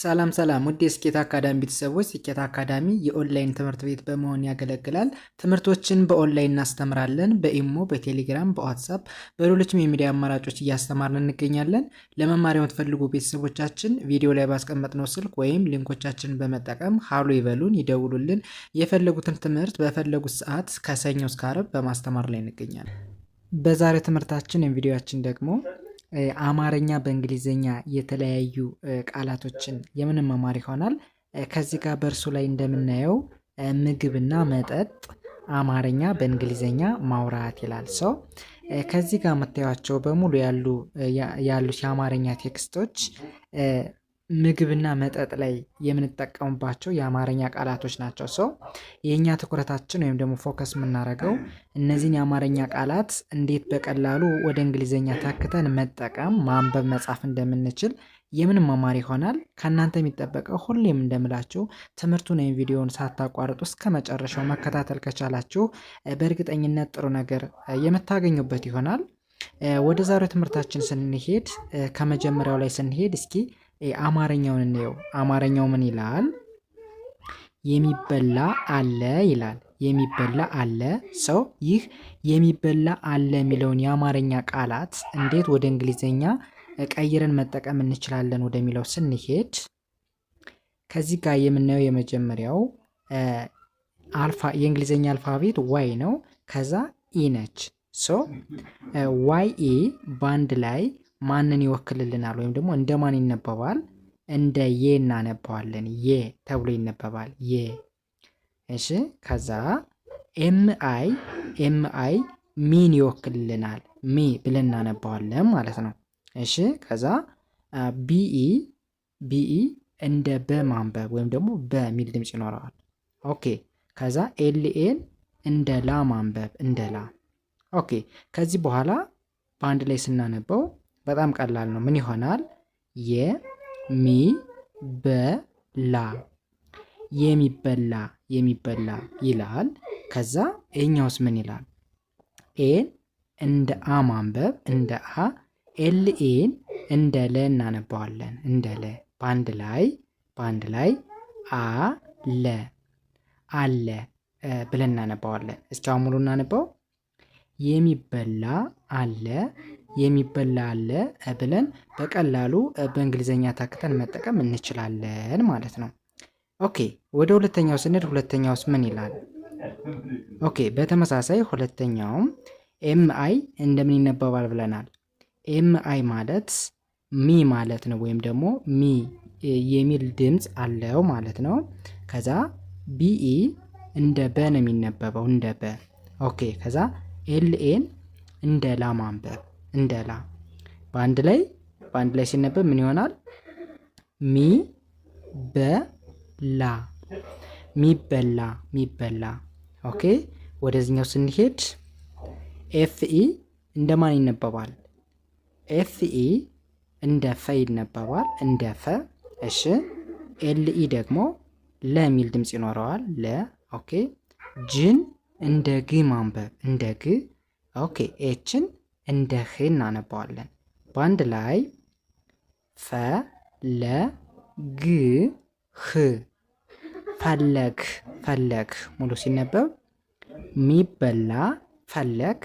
ሰላም ሰላም ውድ የስኬት አካዳሚ ቤተሰቦች፣ ስኬት አካዳሚ የኦንላይን ትምህርት ቤት በመሆን ያገለግላል። ትምህርቶችን በኦንላይን እናስተምራለን። በኢሞ፣ በቴሌግራም፣ በዋትሳፕ፣ በሌሎችም የሚዲያ አማራጮች እያስተማርን እንገኛለን። ለመማሪያ የምትፈልጉ ቤተሰቦቻችን ቪዲዮ ላይ ባስቀመጥነው ስልክ ወይም ሊንኮቻችንን በመጠቀም ሀሎ ይበሉን፣ ይደውሉልን። የፈለጉትን ትምህርት በፈለጉት ሰዓት ከሰኞ እስከ ዓርብ በማስተማር ላይ እንገኛለን። በዛሬ ትምህርታችን ወይም ደግሞ አማርኛ በእንግሊዘኛ የተለያዩ ቃላቶችን የምንመማር ይሆናል። ከዚህ ጋር በእርሱ ላይ እንደምናየው ምግብና መጠጥ አማርኛ በእንግሊዝኛ ማውራት ይላል ሰው። ከዚህ ጋር የምታዩቸው በሙሉ ያሉት የአማርኛ ቴክስቶች ምግብና መጠጥ ላይ የምንጠቀምባቸው የአማርኛ ቃላቶች ናቸው። ሰው የእኛ ትኩረታችን ወይም ደግሞ ፎከስ የምናደርገው እነዚህን የአማርኛ ቃላት እንዴት በቀላሉ ወደ እንግሊዝኛ ተክተን መጠቀም፣ ማንበብ፣ መጻፍ እንደምንችል የምንማማር ይሆናል። ከእናንተ የሚጠበቀው ሁሌም እንደምላችሁ ትምህርቱን ወይም ቪዲዮውን ሳታቋርጡ እስከ መጨረሻው መከታተል ከቻላችሁ በእርግጠኝነት ጥሩ ነገር የምታገኙበት ይሆናል። ወደ ዛሬው ትምህርታችን ስንሄድ ከመጀመሪያው ላይ ስንሄድ እስኪ አማርኛውን እንየው። አማርኛው ምን ይላል? የሚበላ አለ ይላል። የሚበላ አለ ሰው ይህ የሚበላ አለ የሚለውን የአማርኛ ቃላት እንዴት ወደ እንግሊዝኛ ቀይረን መጠቀም እንችላለን ወደሚለው ስንሄድ ከዚህ ጋር የምናየው የመጀመሪያው የእንግሊዝኛ አልፋቤት ዋይ ነው። ከዛ ኢ ነች። ሶ ዋይ ኢ በአንድ ላይ ማንን ይወክልልናል ወይም ደግሞ እንደ ማን ይነበባል? እንደ የ እናነባዋለን። የ ተብሎ ይነበባል። የ እሺ። ከዛ ኤም አይ ኤም አይ ሚን ይወክልልናል። ሚ ብለን እናነባዋለን ማለት ነው። እሺ። ከዛ ቢኢ ቢኢ እንደ በ ማንበብ ወይም ደግሞ በሚል ድምፅ ይኖረዋል። ኦኬ። ከዛ ኤልኤን እንደ ላ ማንበብ እንደ ላ ኦኬ። ከዚህ በኋላ በአንድ ላይ ስናነበው በጣም ቀላል ነው። ምን ይሆናል? የሚበላ የሚበላ የሚበላ ይላል። ከዛ ኤኛውስ ምን ይላል? ኤን እንደ አ ማንበብ እንደ አ ኤል ኤን እንደ ለ እናነባዋለን። እንደ ለ በአንድ ላይ በአንድ ላይ አ ለ አለ ብለን እናነባዋለን። እስኪ ሙሉ እናነባው። የሚበላ አለ የሚበላ አለ ብለን በቀላሉ በእንግሊዝኛ ታክተን መጠቀም እንችላለን ማለት ነው። ኦኬ ወደ ሁለተኛው ስንሄድ ሁለተኛውስ ምን ይላል? ኦኬ በተመሳሳይ ሁለተኛውም ኤም አይ እንደምን ይነበባል ብለናል። ኤም አይ ማለት ሚ ማለት ነው፣ ወይም ደግሞ ሚ የሚል ድምፅ አለው ማለት ነው። ከዛ ቢኢ እንደ በ ነው የሚነበበው እንደ በ ኦኬ። ከዛ ኤልኤን እንደ ላ ማንበብ እንደ ላ በአንድ ላይ በአንድ ላይ ሲነበብ ምን ይሆናል? ሚ በላ ሚበላ ሚበላ። ኦኬ ወደዚህኛው ስንሄድ ኤፍኢ እንደ ማን ይነበባል? ኤፍኢ እንደ ፈ ይነበባል፣ እንደ ፈ። እሺ ኤልኢ ደግሞ ለሚል ድምፅ ይኖረዋል፣ ለ። ኦኬ ጅን እንደ ግ ማንበብ እንደ ግ። ኦኬ ኤችን እንደ ህ እናነባዋለን። በአንድ ላይ ፈ ለ ግ ህ ፈለክ ፈለክ ሙሉ ሲነበብ ሚበላ ፈለክ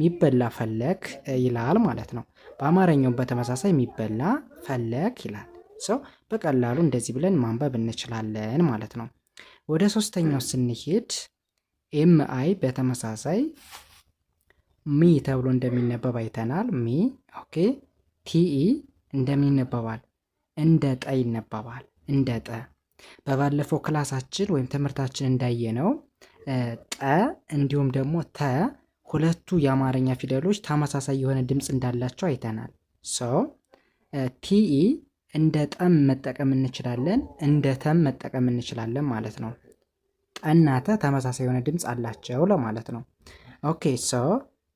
ሚበላ ፈለክ ይላል ማለት ነው። በአማርኛውም በተመሳሳይ ሚበላ ፈለክ ይላል። ሰው በቀላሉ እንደዚህ ብለን ማንበብ እንችላለን ማለት ነው። ወደ ሶስተኛው ስንሄድ ኤም አይ በተመሳሳይ ሚ ተብሎ እንደሚነበብ አይተናል። ሚ ኦኬ። ቲኢ እንደሚነበባል እንደ ጠ ይነበባል። እንደ ጠ በባለፈው ክላሳችን ወይም ትምህርታችን እንዳየነው ጠ እንዲሁም ደግሞ ተ ሁለቱ የአማርኛ ፊደሎች ተመሳሳይ የሆነ ድምፅ እንዳላቸው አይተናል። ሶ ቲኢ እንደ ጠም መጠቀም እንችላለን፣ እንደ ተም መጠቀም እንችላለን ማለት ነው። ጠናተ ተመሳሳይ የሆነ ድምፅ አላቸው ለማለት ነው። ኦኬ ሶ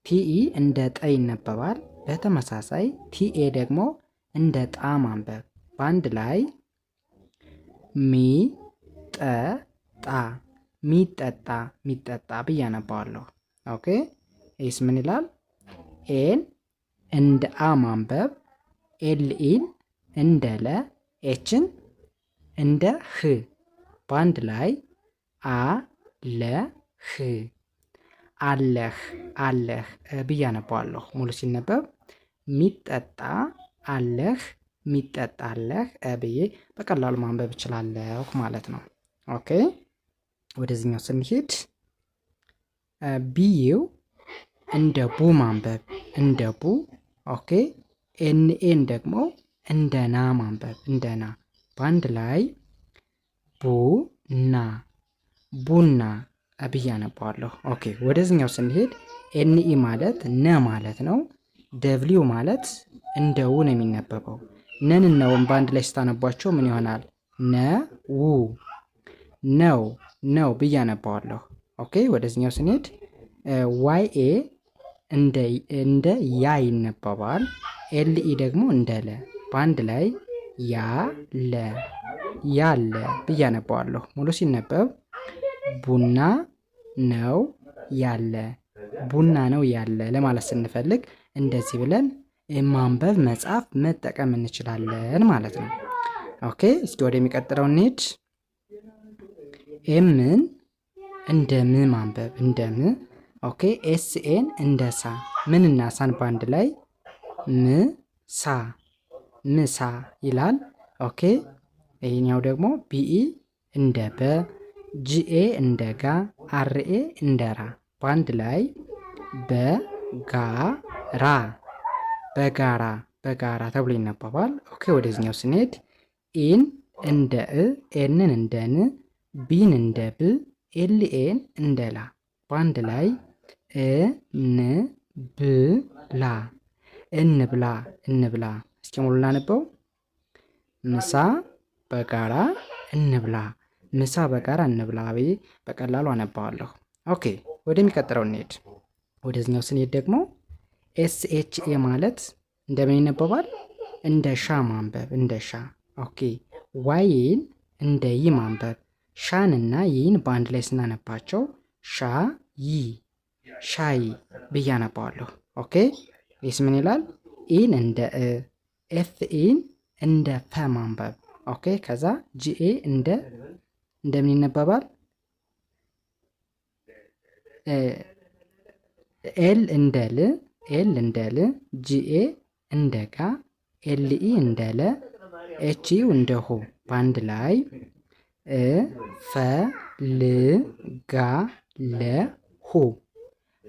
ቲኢ እንደ ጠ ይነበባል። በተመሳሳይ ቲኤ ደግሞ እንደ ጣ ማንበብ በአንድ ላይ ሚ ጠ ጣ ሚጠጣ ሚጠጣ ብዬ አነባዋለሁ። ኦኬ ኤስ ምን ይላል? ኤን እንደ አ ማንበብ ኤልኢን እንደ ለ ኤችን እንደ ህ በአንድ ላይ አ ለ ህ አለህ አለህ ብዬ አነባዋለሁ። ሙሉ ሲነበብ ሚጠጣ አለህ ሚጠጣ አለህ ብዬ በቀላሉ ማንበብ እችላለሁ ማለት ነው። ኦኬ ወደዚህኛው ስንሄድ ቢዩ እንደ ቡ ማንበብ እንደ ቡ። ኦኬ ኤንኤን ደግሞ እንደ ና ማንበብ እንደ ና። በአንድ ላይ ቡ ና ቡና ብዬ አነባዋለሁ። ኦኬ ወደዚኛው ስንሄድ ኤንኢ ማለት ነ ማለት ነው። ደብሊው ማለት እንደው ነው የሚነበበው። ነን ነውን በአንድ ላይ ስታነቧቸው ምን ይሆናል? ነ ው ነው ነው ብዬ አነባዋለሁ። ኦኬ ወደዚኛው ስንሄድ ዋይ ኤ እንደ ያ ይነበባል። ኤልኢ ደግሞ እንደ ለ በአንድ ላይ ያ ለ ያለ ብዬ አነባዋለሁ። ሙሉ ሲነበብ ቡና ነው ያለ ቡና ነው ያለ ለማለት ስንፈልግ እንደዚህ ብለን ማንበብ፣ መጻፍ፣ መጠቀም እንችላለን ማለት ነው። ኦኬ እስኪ ወደሚቀጥለው እንሂድ። ኤምን እንደ ም ማንበብ እንደ ም። ኦኬ ኤስኤን እንደ ሳ ምን እና ሳን በአንድ ላይ ም ሳ ምሳ ይላል። ኦኬ ይህኛው ደግሞ ቢኢ እንደ በ ጂኤ እንደ ጋ አርኤ እንደ ራ በአንድ ላይ በጋራ በጋራ በጋራ ተብሎ ይነበባል። ኦኬ ወደዚኛው ስንሄድ ኢን እንደ እ ኤንን እንደ ን ቢን እንደ ብ ኤልኤን እንደ ላ በአንድ ላይ እን ብላ እንብላ እንብላ። እስኪ ሙሉ ላነበው ምሳ በጋራ እንብላ ምሳ በጋራ እንብላ ብዬ በቀላሉ አነባዋለሁ። ኦኬ ወደሚቀጥለው እንሄድ። ወደዚኛው ስንሄድ ደግሞ ኤስኤችኤ ማለት እንደምን ይነበባል? እንደ ሻ ማንበብ እንደ ሻ። ኦኬ ዋይን እንደ ይ ማንበብ። ሻንና ይን በአንድ ላይ ስናነባቸው ሻ ይ ሻይ ብዬ አነባዋለሁ። ኦኬ ይስ ምን ይላል? ኢን እንደ እ ኤፍ ኢን እንደ ፈ ማንበብ ኦኬ። ከዛ ጂኤ እንደ እንደምን ይነበባል? ኤል እንደ ል ኤል እንደ ል ጂኤ እንደ ጋ ኤልኢ እንደ ለ ኤችዩ እንደ ሆ በአንድ ላይ ፈ ል ጋ ለ ሁ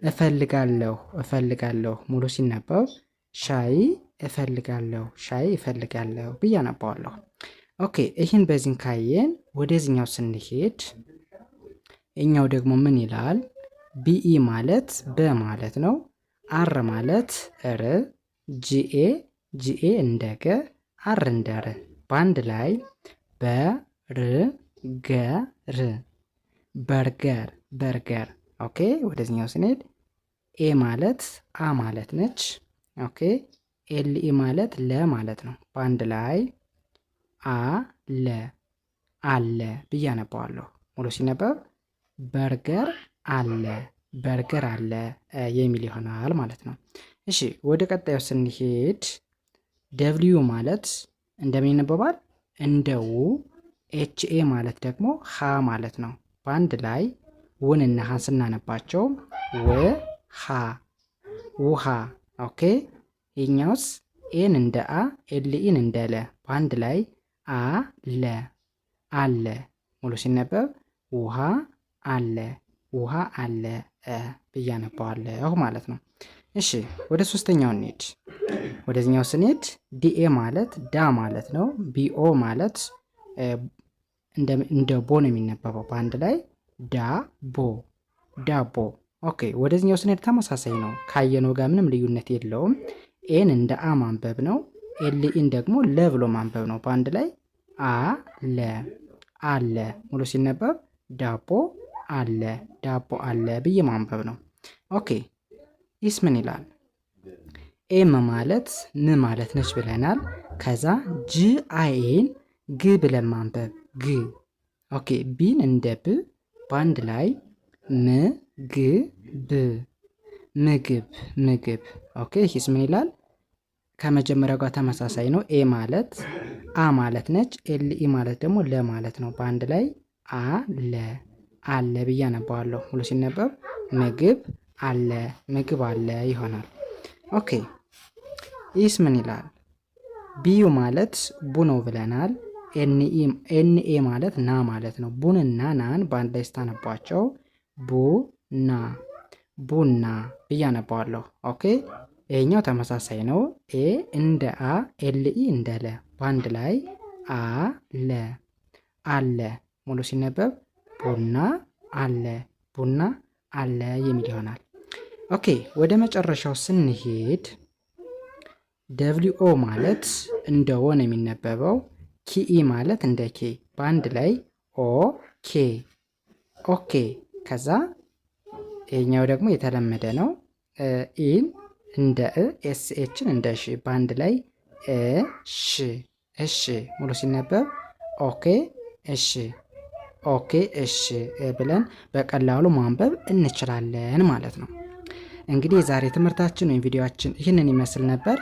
እፈልጋለሁ እፈልጋለሁ ሙሉ ሲነበብ ሻይ እፈልጋለሁ ሻይ እፈልጋለሁ ብዬ አነባዋለሁ። ኦኬ ይህን በዚህን ካየን ወደዚህኛው ስንሄድ እኛው ደግሞ ምን ይላል? ቢኢ ማለት በ ማለት ነው። አር ማለት ር፣ ጂኤ ጂኤ እንደ ገ፣ አር እንደ ር በአንድ ላይ በር ገር በርገር በርገር። ኦኬ ወደዚህኛው ስንሄድ ኤ ማለት አ ማለት ነች። ኦኬ ኤልኢ ማለት ለ ማለት ነው። በአንድ ላይ አለ አለ ብዬ አነባዋለሁ። ሙሉ ሲነበብ በርገር አለ በርገር አለ የሚል ይሆናል ማለት ነው። እሺ ወደ ቀጣዩ ስንሄድ ደብሊዩ ማለት እንደምን ይነበባል? እንደው ኤችኤ ማለት ደግሞ ሀ ማለት ነው። በአንድ ላይ ውን እና ሀን ስናነባቸው ወ ሀ ውሃ። ኦኬ ይኛውስ ኤን እንደ አ ኤልኢን እንደ ለ በአንድ ላይ አለ አለ ሙሉ ሲነበብ ውሃ አለ ውሃ አለ ብዬ ማለት ነው። እሺ ወደ ሶስተኛው እንሂድ። ወደዚኛው ስንሄድ ዲኤ ማለት ዳ ማለት ነው። ቢኦ ማለት እንደ ቦ ነው የሚነበበው በአንድ ላይ ዳ ቦ ዳቦ። ኦኬ ወደዚኛው ስንሄድ ተመሳሳይ ነው። ካየነው ጋር ምንም ልዩነት የለውም። ኤን እንደ አ ማንበብ ነው። ኤልኢን ደግሞ ለ ብሎ ማንበብ ነው። በአንድ ላይ አ ለ አለ። ሙሉ ሲነበብ ዳቦ አለ ዳቦ አለ ብዬ ማንበብ ነው። ኦኬ ይስ ምን ይላል? ኤም ማለት ን ማለት ነች ብለናል። ከዛ ጅ አይኤን ግ ብለን ማንበብ ግ። ኦኬ ቢን እንደ ብ በአንድ ላይ ም ግ ብ ምግብ ምግብ። ኦኬ ይስ ምን ይላል? ከመጀመሪያው ጋር ተመሳሳይ ነው። ኤ ማለት አ ማለት ነች። ኤል ኢ ማለት ደግሞ ለ ማለት ነው። በአንድ ላይ አ ለ አለ ብዬ አነባዋለሁ። ሙሉ ሲነበብ ምግብ አለ ምግብ አለ ይሆናል። ኦኬ ይህስ ምን ይላል? ቢዩ ማለት ቡ ነው ብለናል። ኤንኤ ማለት ና ማለት ነው። ቡንና ናን በአንድ ላይ ስታነቧቸው ቡ ና ቡና ብዬ አነባዋለሁ። ኦኬ ኤኛው ተመሳሳይ ነው። ኤ እንደ አ ኤልኢ እንደ ለ በአንድ ላይ አ ለ አለ ሙሉ ሲነበብ ቡና አለ ቡና አለ የሚል ይሆናል። ኦኬ ወደ መጨረሻው ስንሄድ ደብሊኦ ኦ ማለት እንደ ወ ነው የሚነበበው። ኪኢ ማለት እንደ ኬ በአንድ ላይ ኦ ኬ ኦኬ። ከዛ ይሄኛው ደግሞ የተለመደ ነው ኢን እንደ እ ኤስ ኤችን እንደ ሺ በአንድ ላይ እ ሺ እሺ። ሙሉ ሲነበብ ኦኬ እሺ፣ ኦኬ እሺ ብለን በቀላሉ ማንበብ እንችላለን ማለት ነው። እንግዲህ የዛሬ ትምህርታችን ወይም ቪዲዮችን ይህንን ይመስል ነበር።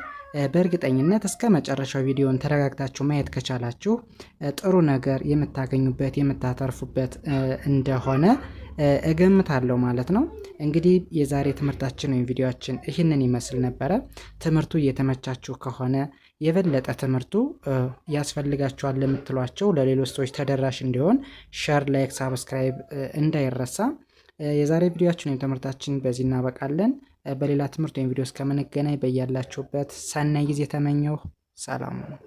በእርግጠኝነት እስከ መጨረሻው ቪዲዮን ተረጋግታችሁ ማየት ከቻላችሁ ጥሩ ነገር የምታገኙበት የምታተርፉበት እንደሆነ እገምታለሁ ማለት ነው። እንግዲህ የዛሬ ትምህርታችን ወይም ቪዲዮችን ይህንን ይመስል ነበረ። ትምህርቱ እየተመቻችሁ ከሆነ የበለጠ ትምህርቱ ያስፈልጋችኋል ለምትሏቸው ለሌሎች ሰዎች ተደራሽ እንዲሆን ሸር፣ ላይክ፣ ሳብስክራይብ እንዳይረሳ። የዛሬ ቪዲዮችን ወይም ትምህርታችን በዚህ እናበቃለን። በሌላ ትምህርት ወይም ቪዲዮ እስከምንገናኝ በያላችሁበት ሰናይ ጊዜ ተመኘሁ። ሰላም ነው።